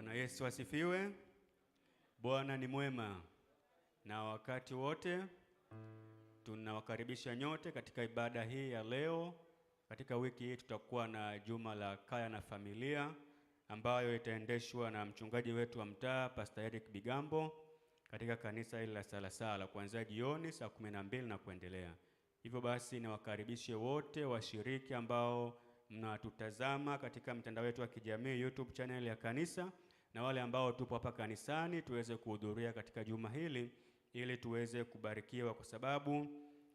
Bwana Yesu asifiwe. Bwana ni mwema na wakati wote. Tunawakaribisha nyote katika ibada hii ya leo. Katika wiki hii tutakuwa na juma la kaya na familia ambayo itaendeshwa na mchungaji wetu wa mtaa Pastor Eric Bigambo katika kanisa hili la Salasala kuanzia jioni saa kumi na mbili na kuendelea. Hivyo basi niwakaribishe wote washiriki ambao mnatutazama katika mtandao wetu wa kijamii YouTube channel ya kanisa na wale ambao tupo hapa kanisani tuweze kuhudhuria katika juma hili ili tuweze kubarikiwa, kwa sababu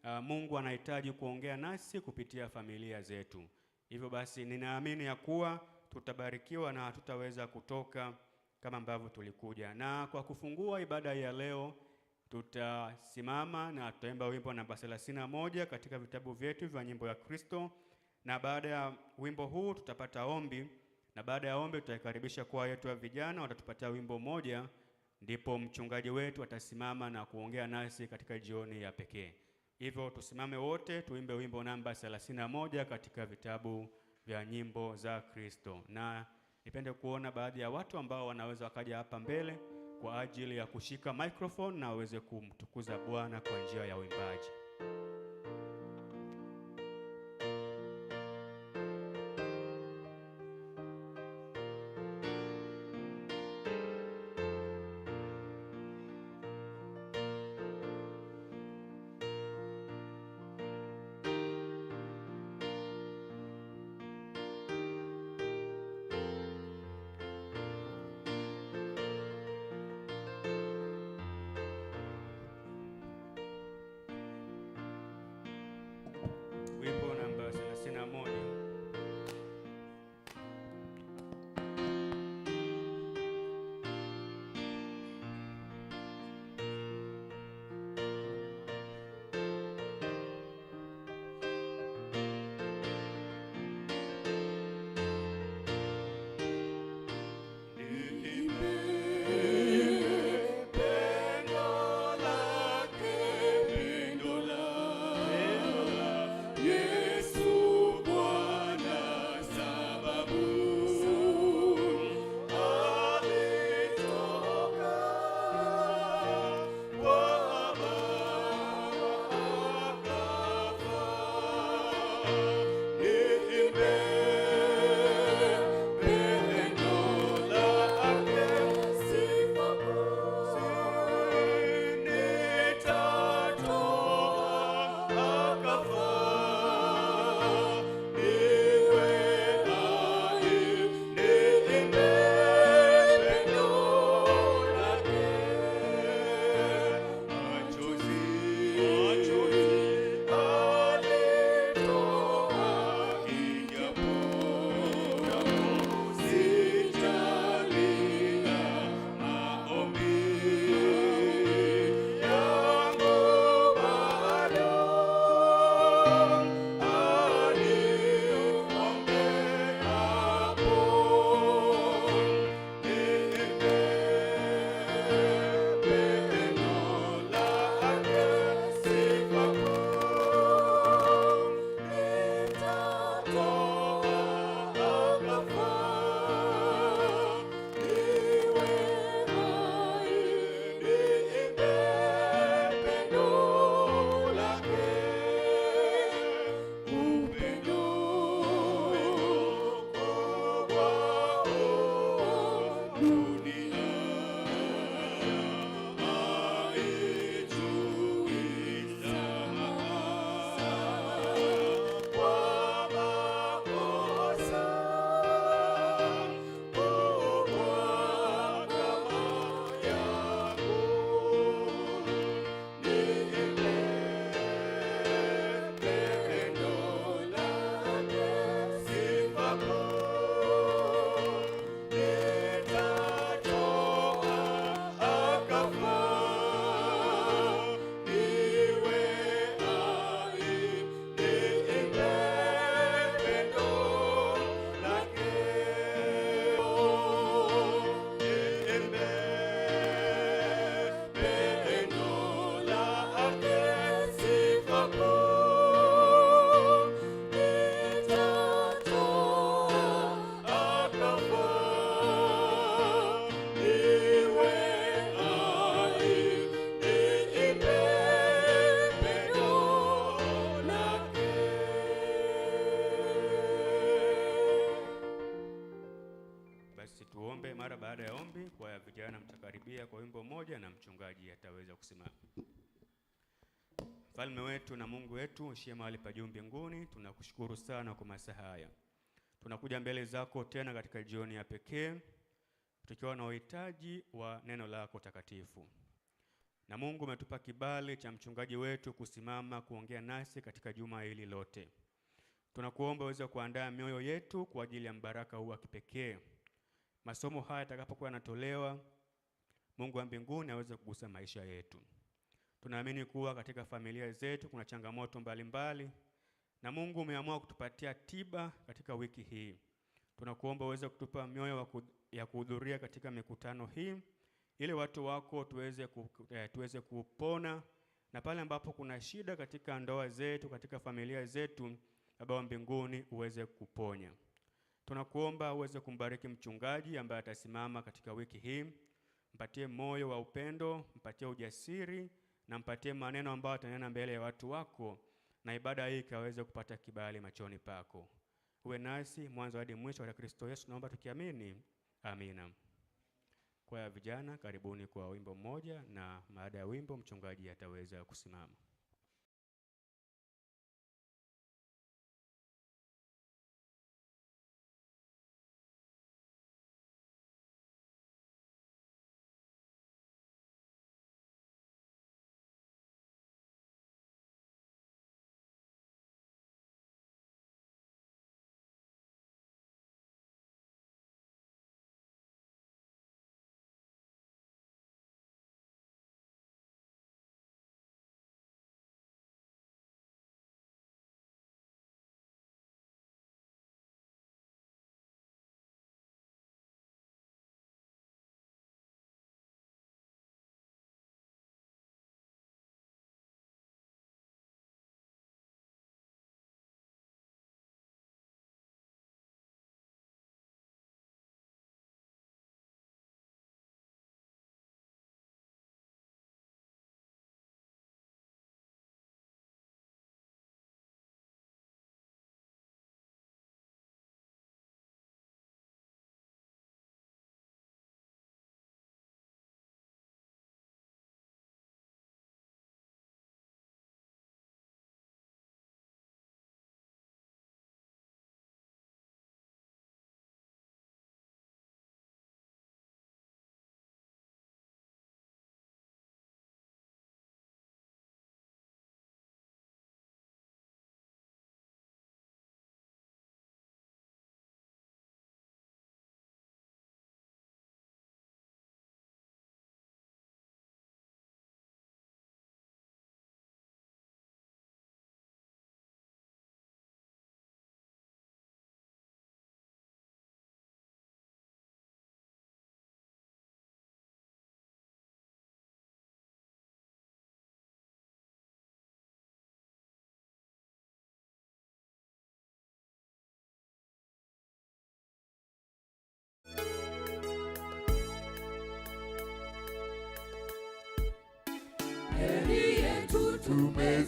uh, Mungu anahitaji kuongea nasi kupitia familia zetu. Hivyo basi, ninaamini ya kuwa tutabarikiwa na hatutaweza kutoka kama ambavyo tulikuja. Na kwa kufungua ibada ya leo, tutasimama na tutaimba wimbo namba moja katika vitabu vyetu vya nyimbo ya Kristo, na baada ya wimbo huu tutapata ombi na baada ya ombi tutaikaribisha kwa yetu ya vijana, watatupatia wimbo mmoja, ndipo mchungaji wetu atasimama na kuongea nasi katika jioni ya pekee. Hivyo tusimame wote tuimbe wimbo namba 31 katika vitabu vya nyimbo za Kristo, na nipende kuona baadhi ya watu ambao wanaweza wakaja hapa mbele kwa ajili ya kushika microphone na waweze kumtukuza Bwana kwa njia ya uimbaji. kutuhutubia kwa wimbo mmoja na mchungaji ataweza kusimama. Mfalme wetu na Mungu wetu ushie mahali pa juu mbinguni, tunakushukuru sana kwa masaa haya. Tunakuja mbele zako tena katika jioni ya pekee tukiwa na uhitaji wa neno lako takatifu. Na Mungu umetupa kibali cha mchungaji wetu kusimama kuongea nasi katika juma hili lote. Tunakuomba uweze kuandaa mioyo yetu kwa ajili ya mbaraka huu wa kipekee. Masomo haya yatakapokuwa yanatolewa, Mungu wa mbinguni aweze kugusa maisha yetu. Tunaamini kuwa katika familia zetu kuna changamoto mbalimbali mbali, na Mungu umeamua kutupatia tiba katika wiki hii. Tunakuomba uweze kutupa mioyo ya kuhudhuria katika mikutano hii ili watu wako tuweze, ku, eh, tuweze kupona na pale ambapo kuna shida katika ndoa zetu, katika familia zetu, Baba wa mbinguni uweze kuponya. Tunakuomba uweze kumbariki mchungaji ambaye atasimama katika wiki hii mpatie moyo wa upendo, mpatie ujasiri na mpatie maneno ambayo atanena mbele ya watu wako, na ibada hii ikaweze kupata kibali machoni pako. Uwe nasi mwanzo hadi mwisho wa Kristo Yesu, naomba tukiamini, amina. Kwaya vijana, karibuni kwa wimbo mmoja, na baada ya wimbo mchungaji ataweza kusimama.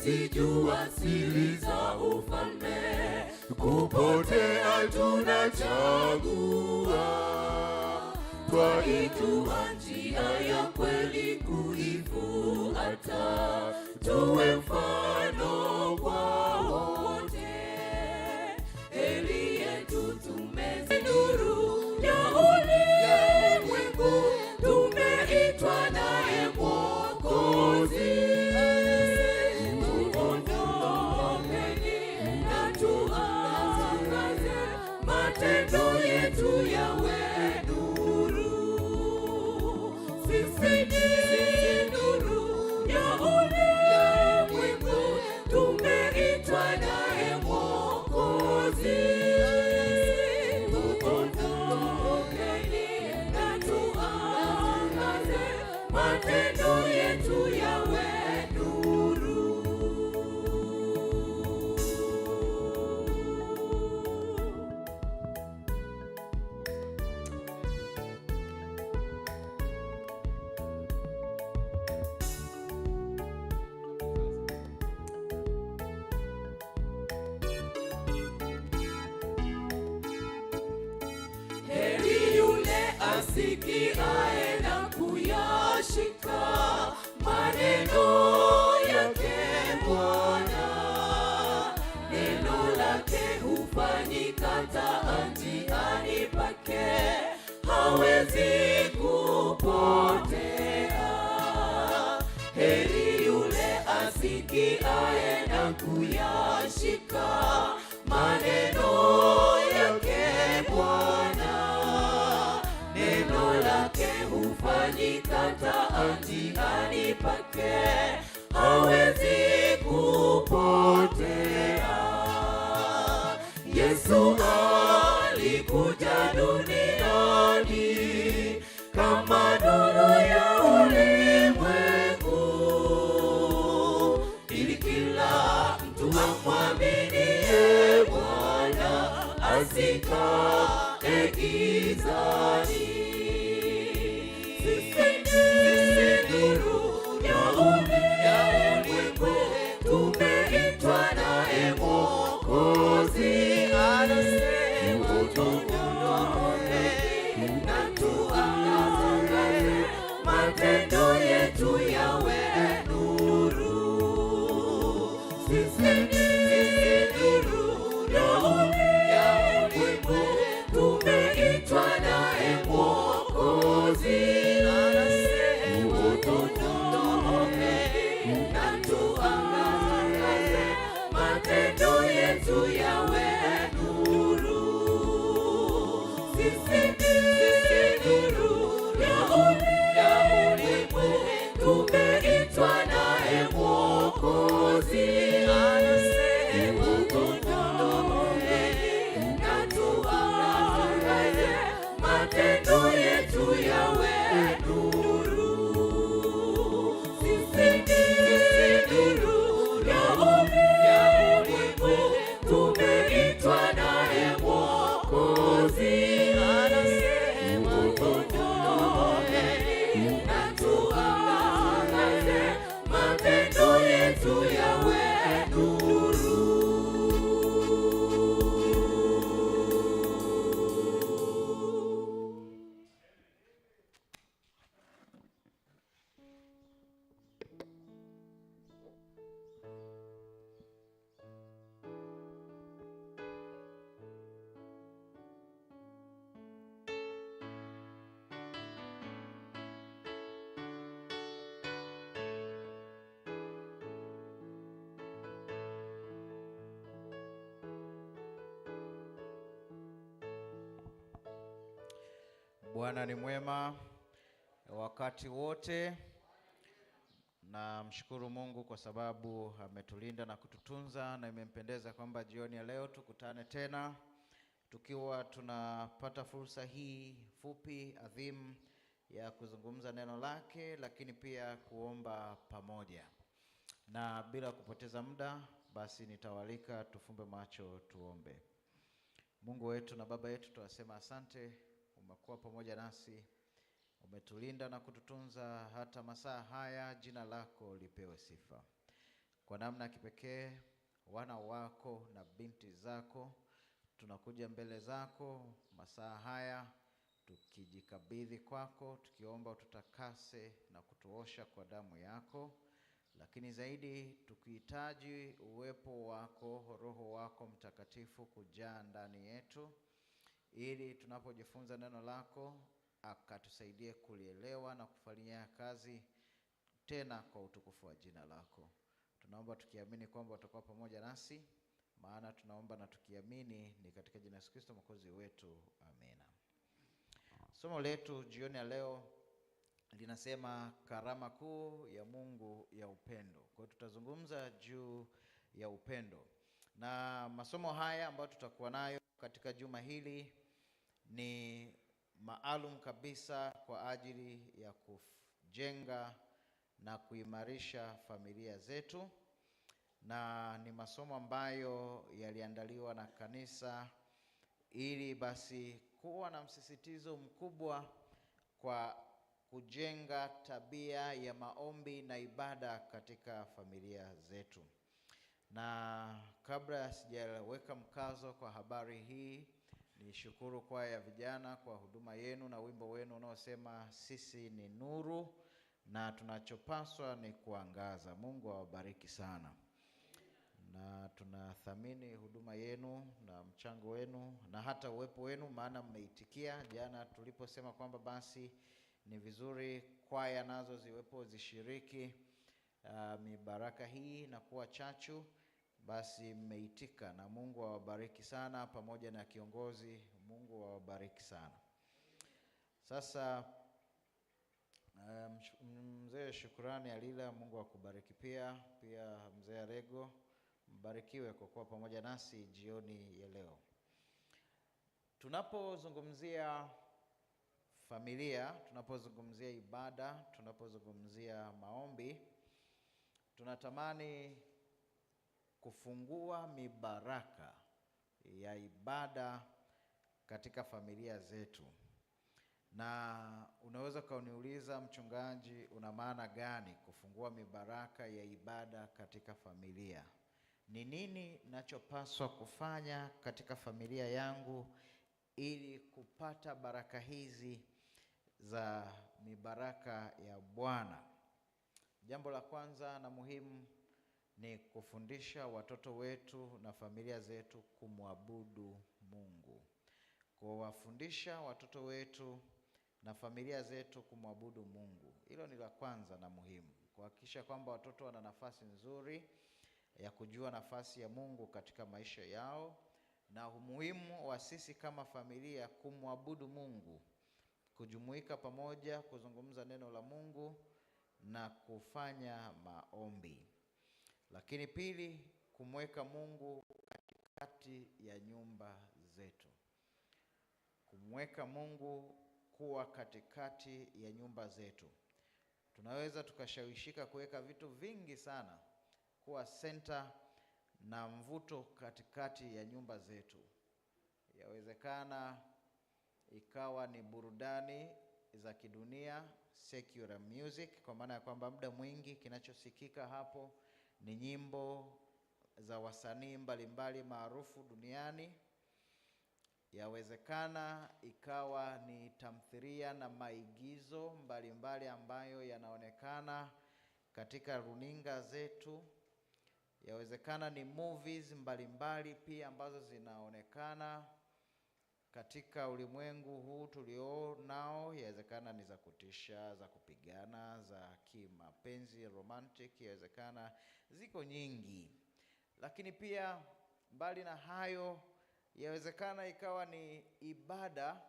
kuzijua siri za ufalme, kupotea tunachagua, twaijua njia ya kweli kuifuata, tuwe mfano asikiaye na kuyashika utuongoze na tuangaze matendo yetu yawe wakati wote. Namshukuru Mungu kwa sababu ametulinda na kututunza, na imempendeza kwamba jioni ya leo tukutane tena tukiwa tunapata fursa hii fupi adhimu ya kuzungumza neno lake, lakini pia kuomba pamoja. Na bila kupoteza muda, basi nitawalika tufumbe macho tuombe. Mungu wetu na Baba yetu, tunasema asante, umekuwa pamoja nasi umetulinda na kututunza hata masaa haya. Jina lako lipewe sifa kwa namna ya kipekee. Wana wako na binti zako tunakuja mbele zako masaa haya tukijikabidhi kwako, tukiomba tutakase na kutuosha kwa damu yako, lakini zaidi tukihitaji uwepo wako, Roho wako Mtakatifu kujaa ndani yetu ili tunapojifunza neno lako akatusaidie kulielewa na kufanyia kazi tena kwa utukufu wa jina lako. Tunaomba tukiamini kwamba utakuwa pamoja nasi, maana tunaomba na tukiamini ni katika jina la Yesu Kristo mwokozi wetu, amina. Somo letu jioni ya leo linasema karama kuu ya Mungu ya upendo. Kwa hiyo tutazungumza juu ya upendo, na masomo haya ambayo tutakuwa nayo katika juma hili ni maalum kabisa kwa ajili ya kujenga na kuimarisha familia zetu, na ni masomo ambayo yaliandaliwa na kanisa ili basi kuwa na msisitizo mkubwa kwa kujenga tabia ya maombi na ibada katika familia zetu. Na kabla sijaweka mkazo kwa habari hii Nishukuru kwaya ya vijana kwa huduma yenu na wimbo wenu unaosema sisi ni nuru na tunachopaswa ni kuangaza. Mungu awabariki sana, na tunathamini huduma yenu na mchango wenu na hata uwepo wenu, maana mmeitikia jana tuliposema kwamba basi ni vizuri kwaya nazo ziwepo zishiriki uh, mibaraka hii na kuwa chachu basi mmeitika, na Mungu awabariki sana, pamoja na kiongozi. Mungu awabariki sana. Sasa eh, mzee Shukurani Alila, Mungu akubariki pia. Pia mzee Arego, mbarikiwe kwa kuwa pamoja nasi jioni ya leo. Tunapozungumzia familia, tunapozungumzia ibada, tunapozungumzia maombi, tunatamani kufungua mibaraka ya ibada katika familia zetu. Na unaweza ukaniuliza, mchungaji, una maana gani kufungua mibaraka ya ibada katika familia? Ni nini nachopaswa kufanya katika familia yangu ili kupata baraka hizi za mibaraka ya Bwana? Jambo la kwanza na muhimu ni kufundisha watoto wetu na familia zetu kumwabudu Mungu, kuwafundisha watoto wetu na familia zetu kumwabudu Mungu. Hilo ni la kwanza na muhimu, kuhakikisha kwamba watoto wana nafasi nzuri ya kujua nafasi ya Mungu katika maisha yao na umuhimu wa sisi kama familia kumwabudu Mungu, kujumuika pamoja, kuzungumza neno la Mungu na kufanya maombi. Lakini pili, kumweka Mungu katikati ya nyumba zetu, kumweka Mungu kuwa katikati ya nyumba zetu. Tunaweza tukashawishika kuweka vitu vingi sana kuwa senta na mvuto katikati ya nyumba zetu. Yawezekana ikawa ni burudani za kidunia, secular music, kwa maana ya kwamba muda mwingi kinachosikika hapo ni nyimbo za wasanii mbalimbali maarufu duniani. Yawezekana ikawa ni tamthilia na maigizo mbalimbali mbali ambayo yanaonekana katika runinga zetu. Yawezekana ni movies mbalimbali mbali pia ambazo zinaonekana katika ulimwengu huu tulio nao, yawezekana ni za kutisha, za kupigana, za kimapenzi romantic, yawezekana ziko nyingi. Lakini pia mbali na hayo, yawezekana ikawa ni ibada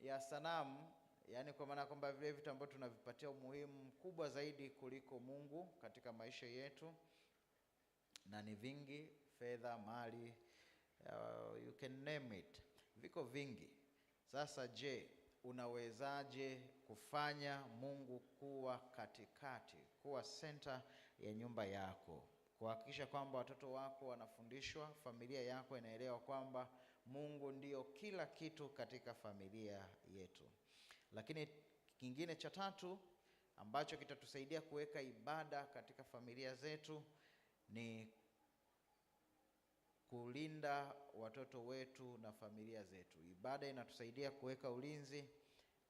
ya sanamu, yaani kwa maana ya kwamba vile vitu ambavyo tunavipatia umuhimu mkubwa zaidi kuliko Mungu katika maisha yetu, na ni vingi: fedha, mali, uh, you can name it viko vingi. Sasa je, unawezaje kufanya Mungu kuwa katikati, kuwa senta ya nyumba yako, kuhakikisha kwamba watoto wako wanafundishwa, familia yako inaelewa kwamba Mungu ndiyo kila kitu katika familia yetu. Lakini kingine cha tatu ambacho kitatusaidia kuweka ibada katika familia zetu ni kulinda watoto wetu na familia zetu. Ibada inatusaidia kuweka ulinzi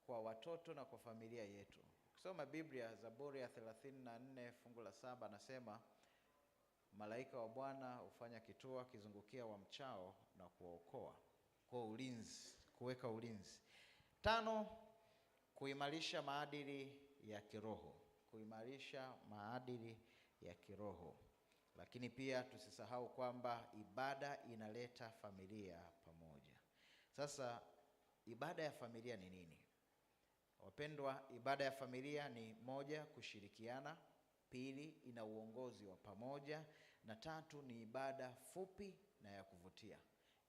kwa watoto na kwa familia yetu. Ukisoma Biblia, Zaburi ya 34 fungu la saba anasema malaika wa Bwana hufanya kituo akizungukia mchao na kuwaokoa. Kwa ulinzi, kuweka ulinzi. Tano, kuimarisha maadili ya kiroho, kuimarisha maadili ya kiroho. Lakini pia tusisahau kwamba ibada inaleta familia pamoja. Sasa ibada ya familia ni nini? Wapendwa, ibada ya familia ni moja, kushirikiana; pili, ina uongozi wa pamoja; na tatu, ni ibada fupi na ya kuvutia.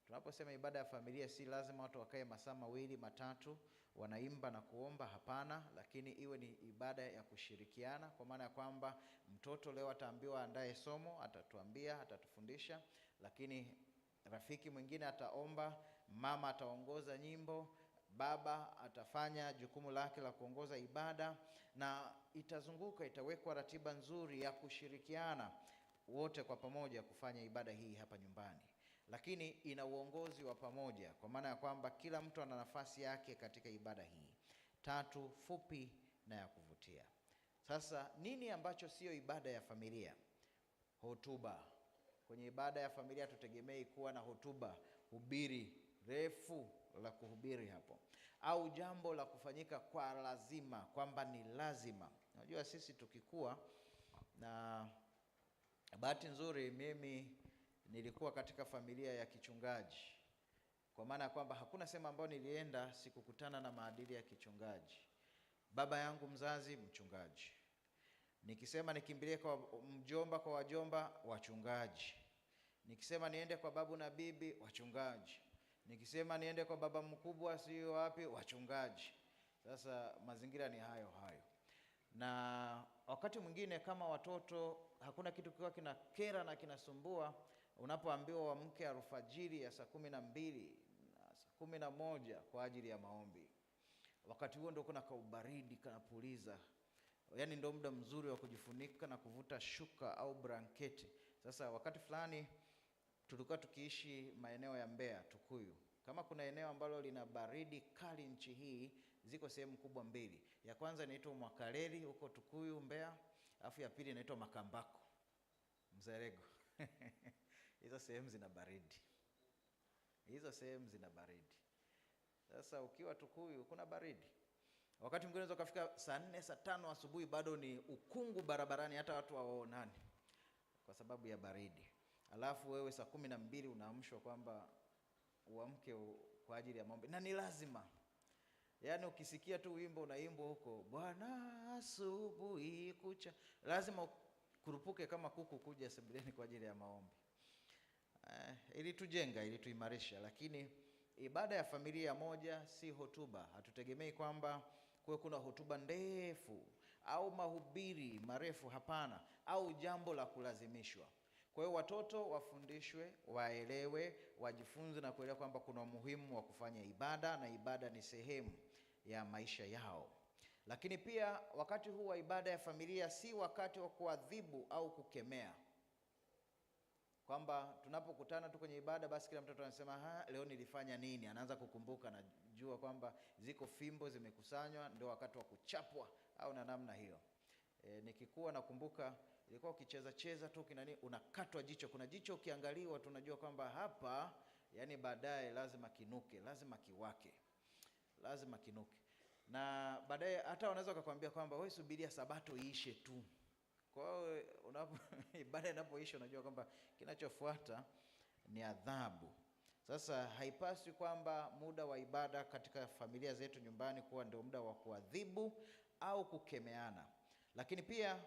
Tunaposema ibada ya familia, si lazima watu wakae masaa mawili matatu wanaimba na kuomba, hapana, lakini iwe ni ibada ya kushirikiana, kwa maana ya kwamba mtoto leo ataambiwa andae somo, atatuambia, atatufundisha, lakini rafiki mwingine ataomba, mama ataongoza nyimbo, baba atafanya jukumu lake la kuongoza ibada, na itazunguka, itawekwa ratiba nzuri ya kushirikiana wote kwa pamoja kufanya ibada hii hapa nyumbani lakini ina uongozi wa pamoja, kwa maana ya kwamba kila mtu ana nafasi yake katika ibada hii tatu fupi na ya kuvutia. Sasa nini ambacho sio ibada ya familia? Hotuba kwenye ibada ya familia tutegemei kuwa na hotuba, hubiri refu la kuhubiri hapo, au jambo la kufanyika kwa lazima, kwamba ni lazima. Unajua sisi tukikua na bahati nzuri mimi nilikuwa katika familia ya kichungaji, kwa maana ya kwamba hakuna sehemu ambayo nilienda sikukutana na maadili ya kichungaji. Baba yangu mzazi mchungaji, nikisema nikimbilie kwa mjomba, kwa wajomba wachungaji, nikisema niende kwa babu na bibi wachungaji, nikisema niende kwa baba mkubwa sio wapi wachungaji. Sasa mazingira ni hayo hayo, na wakati mwingine kama watoto, hakuna kitu kikiwa kina kera na kinasumbua unapoambiwa uamke alfajiri ya saa kumi na mbili na saa kumi na moja kwa ajili ya maombi. Wakati huo ndo kuna kaubaridi kanapuliza, yaani ndo muda mzuri wa kujifunika na kuvuta shuka au blanketi. Sasa wakati fulani tulikuwa tukiishi maeneo ya Mbeya, Tukuyu. Kama kuna eneo ambalo lina baridi kali nchi hii, ziko sehemu kubwa mbili. Ya kwanza inaitwa Mwakaleli huko Tukuyu, Mbeya, alafu ya pili inaitwa Makambako, Mzerego hizo sehemu zina baridi, hizo sehemu zina baridi. Sasa ukiwa Tukuyu kuna baridi, wakati mwingine unaweza ukafika saa nne saa tano asubuhi bado ni ukungu barabarani, hata watu hawaonani kwa sababu ya baridi. Alafu wewe saa kumi na mbili unaamshwa kwamba uamke kwa ajili ya maombi, na ni lazima Yaani, ukisikia tu wimbo unaimbwa huko, Bwana asubuhi kucha, lazima kurupuke kama kuku kuja sebuleni kwa ajili ya maombi uh, ilitujenga, ilituimarisha. Lakini ibada ya familia moja si hotuba. Hatutegemei kwamba kuwe kuna hotuba ndefu au mahubiri marefu, hapana, au jambo la kulazimishwa. Kwa hiyo watoto wafundishwe, waelewe, wajifunze na kuelewa kwamba kuna umuhimu wa kufanya ibada na ibada ni sehemu ya maisha yao. Lakini pia wakati huu wa ibada ya familia si wakati wa kuadhibu au kukemea kwamba tunapokutana tu kwenye ibada, basi kila mtoto anasema ha, leo nilifanya nini? Anaanza kukumbuka, najua kwamba ziko fimbo zimekusanywa, ndio wakati wa kuchapwa au na namna hiyo. E, nikikuwa nakumbuka ilikuwa ukicheza cheza tu kinani, unakatwa jicho. Kuna jicho ukiangaliwa, tunajua kwamba hapa, yani baadaye lazima kinuke, lazima kiwake, lazima kinuke. Na baadaye hata wanaweza wakakwambia kwamba wewe subiria sabato iishe tu. Kwa hiyo unapo ibada inapoisha, unajua kwamba kinachofuata ni adhabu. Sasa haipaswi kwamba muda wa ibada katika familia zetu nyumbani kuwa ndio muda wa kuadhibu au kukemeana, lakini pia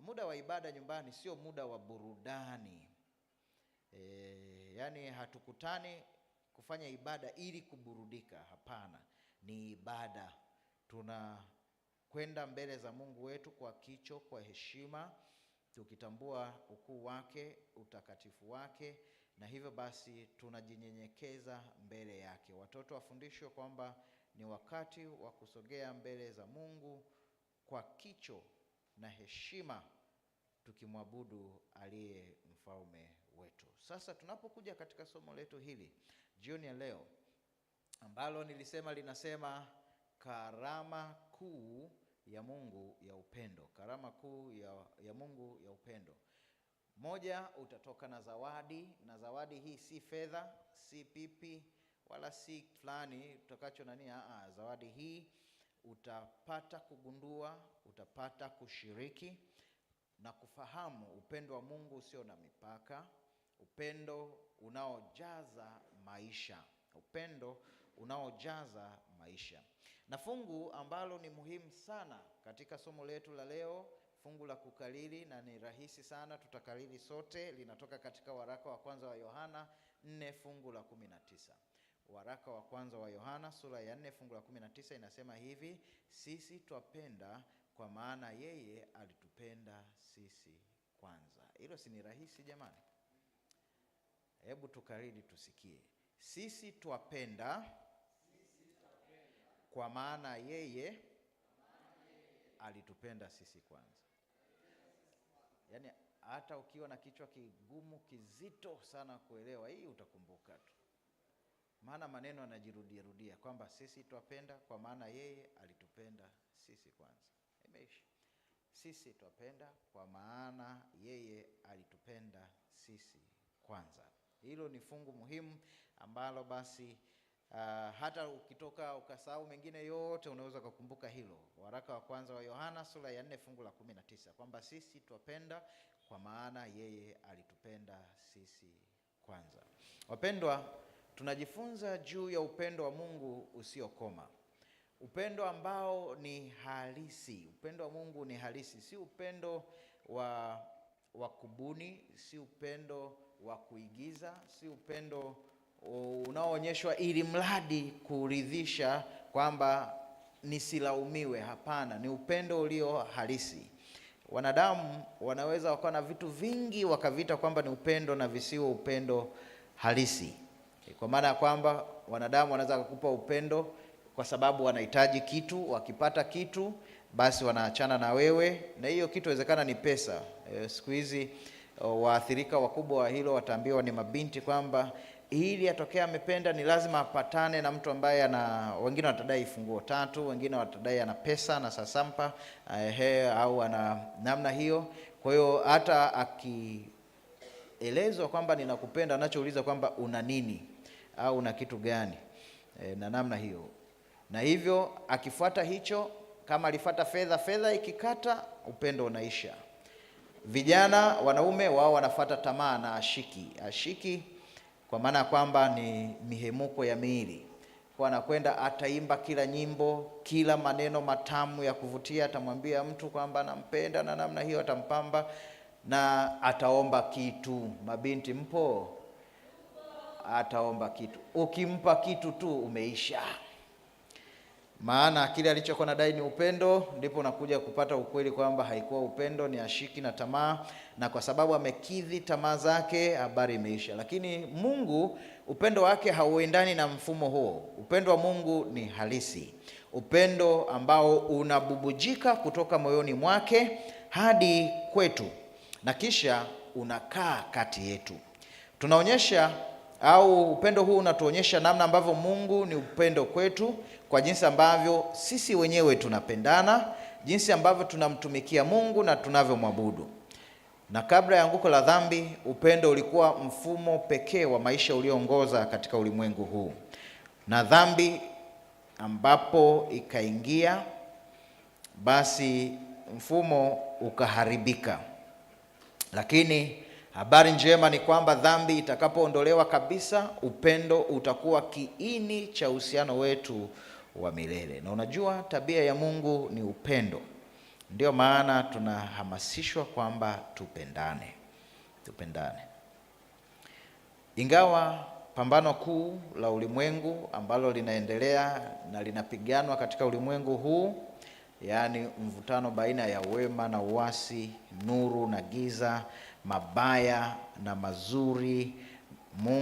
muda wa ibada nyumbani sio muda wa burudani. E, yaani hatukutani kufanya ibada ili kuburudika. Hapana, ni ibada tuna kwenda mbele za Mungu wetu kwa kicho, kwa heshima, tukitambua ukuu wake, utakatifu wake, na hivyo basi tunajinyenyekeza mbele yake. Watoto wafundishwe kwamba ni wakati wa kusogea mbele za Mungu kwa kicho na heshima, tukimwabudu aliye mfalme wetu. Sasa tunapokuja katika somo letu hili jioni ya leo ambalo nilisema linasema karama kuu ya Mungu ya upendo, karama kuu ya, ya Mungu ya upendo. Moja, utatoka na zawadi, na zawadi hii si fedha, si pipi wala si fulani tutakacho nani. Aa, ah, ah, zawadi hii utapata kugundua, utapata kushiriki na kufahamu upendo wa Mungu usio na mipaka, upendo unaojaza maisha, upendo unaojaza maisha. Na fungu ambalo ni muhimu sana katika somo letu la leo, fungu la kukalili na ni rahisi sana, tutakalili sote, linatoka katika waraka wa kwanza wa Yohana 4 fungu la 19. Waraka wa kwanza wa Yohana sura ya 4 fungu la 19 inasema hivi, sisi twapenda kwa maana yeye alitupenda sisi kwanza. Hilo si ni rahisi jamani? Hebu tukalili tusikie. Sisi twapenda kwa maana yeye alitupenda sisi kwanza. Yaani hata ukiwa na kichwa kigumu kizito sana kuelewa hii, utakumbuka tu, maana maneno yanajirudia rudia kwamba sisi twapenda kwa maana yeye alitupenda sisi kwanza. Imeisha. Sisi twapenda kwa maana yeye alitupenda sisi kwanza. Hilo ni fungu muhimu ambalo basi Uh, hata ukitoka ukasahau mengine yote unaweza ukakumbuka hilo, waraka wa kwanza wa Yohana sura ya 4 fungu la 19 na kwamba sisi twapenda kwa maana yeye alitupenda sisi kwanza. Wapendwa, tunajifunza juu ya upendo wa Mungu usiokoma, upendo ambao ni halisi. Upendo wa Mungu ni halisi, si upendo wa wa kubuni, si upendo wa kuigiza, si upendo unaoonyeshwa ili mradi kuridhisha kwamba nisilaumiwe. Hapana, ni upendo ulio halisi. Wanadamu wanaweza wakawa na vitu vingi wakavita kwamba ni upendo na visiwe upendo halisi, kwa maana ya kwamba wanadamu wanaweza kukupa upendo kwa sababu wanahitaji kitu, wakipata kitu basi wanaachana na wewe, na hiyo kitu inawezekana ni pesa. Eh, siku hizi eh, waathirika wakubwa wa hilo wataambiwa ni mabinti kwamba ili atokea amependa, ni lazima apatane na mtu ambaye ana, wengine watadai funguo tatu, wengine watadai ana pesa na sasampa, ehe, au ana namna hiyo. Kwa hiyo hata akielezwa kwamba ninakupenda, anachouliza kwamba una nini au una kitu gani e, na namna hiyo, na hivyo akifuata hicho, kama alifuata fedha, fedha ikikata, upendo unaisha. Vijana wanaume wao wanafuata tamaa na ashiki, ashiki kwa maana ya kwamba ni mihemuko ya miili. Kwa anakwenda ataimba kila nyimbo, kila maneno matamu ya kuvutia, atamwambia mtu kwamba anampenda na namna hiyo atampamba na ataomba kitu. Mabinti mpo? Ataomba kitu. Ukimpa kitu tu umeisha maana kile alichokuwa nadai ni upendo, ndipo unakuja kupata ukweli kwamba haikuwa upendo, ni ashiki na tamaa, na kwa sababu amekidhi tamaa zake, habari imeisha. Lakini Mungu upendo wake hauendani na mfumo huo. Upendo wa Mungu ni halisi, upendo ambao unabubujika kutoka moyoni mwake hadi kwetu na kisha unakaa kati yetu. Tunaonyesha au upendo huu unatuonyesha namna ambavyo Mungu ni upendo kwetu kwa jinsi ambavyo sisi wenyewe tunapendana, jinsi ambavyo tunamtumikia Mungu na tunavyomwabudu. Na kabla ya anguko la dhambi, upendo ulikuwa mfumo pekee wa maisha ulioongoza katika ulimwengu huu, na dhambi ambapo ikaingia, basi mfumo ukaharibika. Lakini habari njema ni kwamba dhambi itakapoondolewa kabisa, upendo utakuwa kiini cha uhusiano wetu wa milele. Na unajua tabia ya Mungu ni upendo, ndiyo maana tunahamasishwa kwamba tupendane, tupendane. Ingawa pambano kuu la ulimwengu ambalo linaendelea na linapiganwa katika ulimwengu huu, yaani mvutano baina ya wema na uasi, nuru na giza, mabaya na mazuri, Mungu